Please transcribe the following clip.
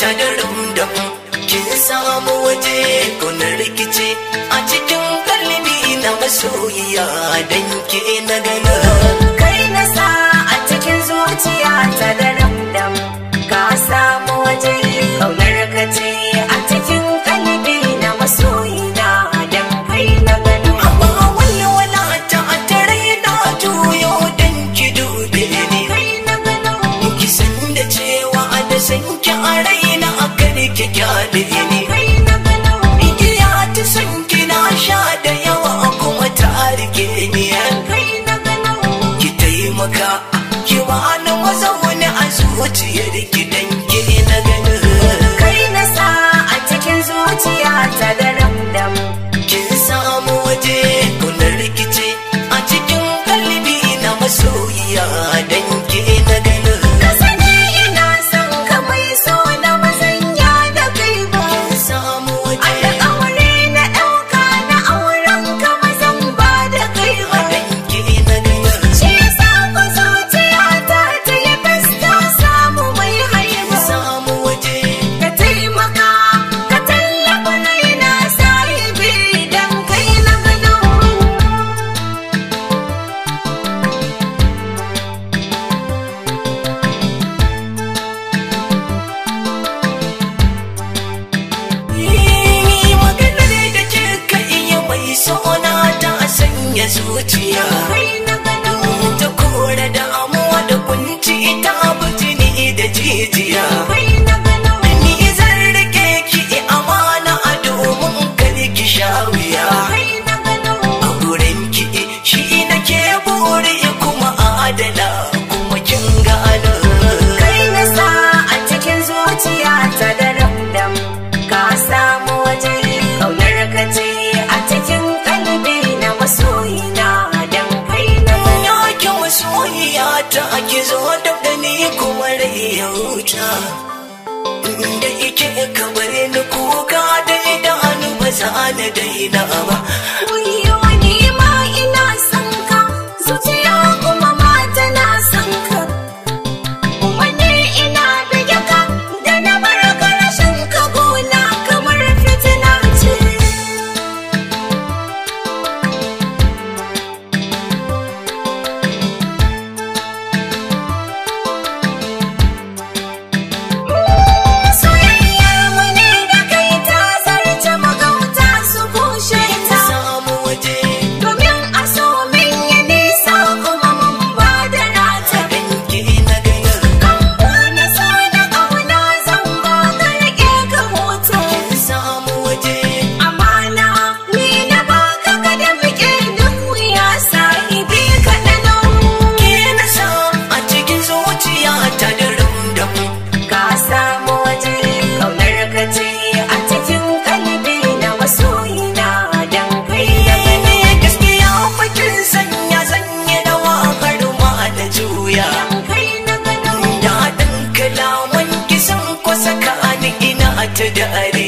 ta da rundum kin samu waje na rikice a cikin kalmi na masoyiya dan ke na ganin kick sanya zuciya ce ka bare ni kuka da idanu ba za na ina ba To the are